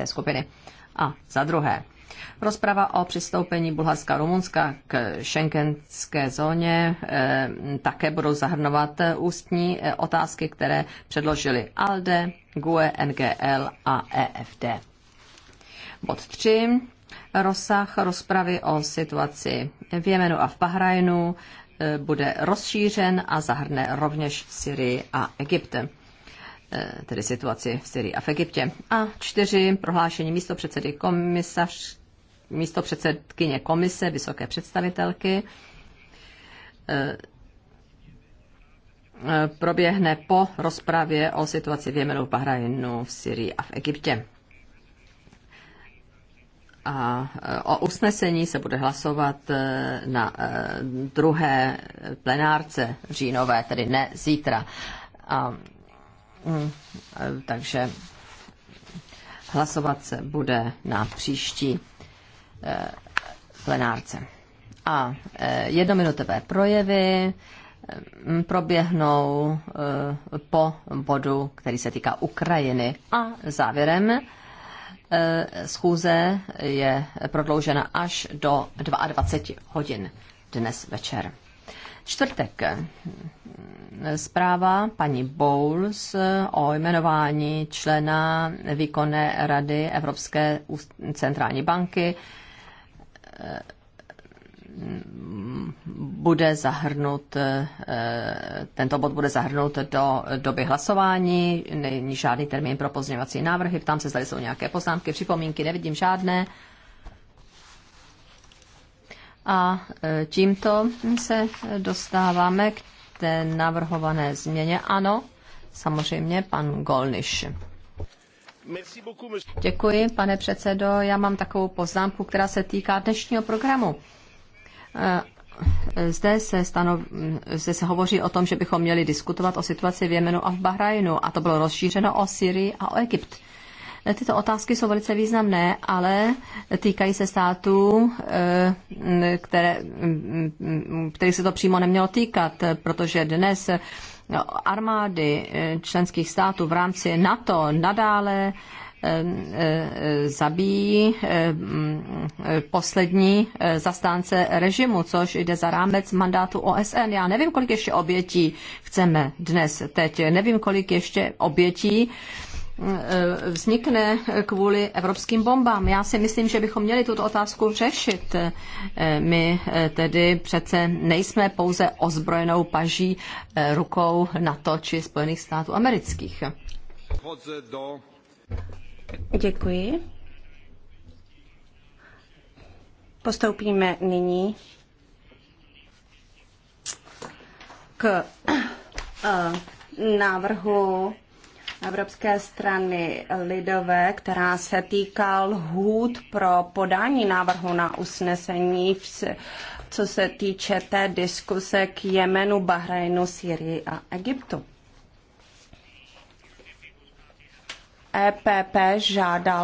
té skupiny. A za druhé, Rozprava o přistoupení Bulharska a Rumunska k šenkenské zóně eh, také budou zahrnovat ústní eh, otázky, které předložili ALDE, GUE, NGL a EFD. Bod 3. Rozsah rozpravy o situaci v Jemenu a v Bahrajnu eh, bude rozšířen a zahrne rovněž Syrii a Egypt. Eh, tedy situaci v Syrii a v Egyptě. A čtyři prohlášení místo předsedy komisař, místo předsedkyně komise, vysoké představitelky eh, eh, proběhne po rozpravě o situaci v Jemenu, v Bahrajnu, v Syrii a v Egyptě. A o usnesení se bude hlasovat na druhé plenárce říjnové, tedy ne zítra. A Mm, takže hlasovat se bude na příští eh, plenárce. A eh, jednominutové projevy eh, mm, proběhnou po bodu, který se týká Ukrajiny. A závěrem schůze je prodloužena až do 22 hodin dnes večer. Čtvrtek. Zpráva paní Bowles o jmenování člena výkonné rady Evropské centrální banky bude zahrnut, tento bod bude zahrnut do doby hlasování, není žádný termín pro pozměňovací návrhy, ptám se, zda jsou nějaké poznámky, připomínky, nevidím žádné. A e, tímto se dostáváme k té navrhované změně. Ano, samozřejmě pan Golniš. Děkuji, pane předsedo. Já mám takovou poznámku, která se týká dnešního programu. E, zde se, stanov, zde se hovoří o tom, že bychom měli diskutovat o situaci v Jemenu a v Bahrajnu a to bylo rozšířeno o Syrii a o Egypt. Tyto otázky jsou velice významné, ale týkají se států, eh, které, mm, které se to přímo nemělo týkat, protože dnes armády eh, členských států v rámci NATO nadále eh, zabíjí mm, poslední zastánce režimu, což jde za rámec mandátu OSN. Já nevím, kolik ještě obětí chceme dnes, teď. Nevím, kolik ještě obětí E, vznikne kvůli evropským bombám. Já si myslím, že bychom měli tuto otázku řešit. E, my e, tedy přece nejsme pouze ozbrojenou paží rukou NATO či Spojených států amerických. Děkuji. Postoupíme nyní k návrhu Evropské strany lidové, která se týká lhůt pro podání návrhu na usnesení, co se týče té diskuse k Jemenu, Bahrajnu, Syrii a Egyptu. EPP žádal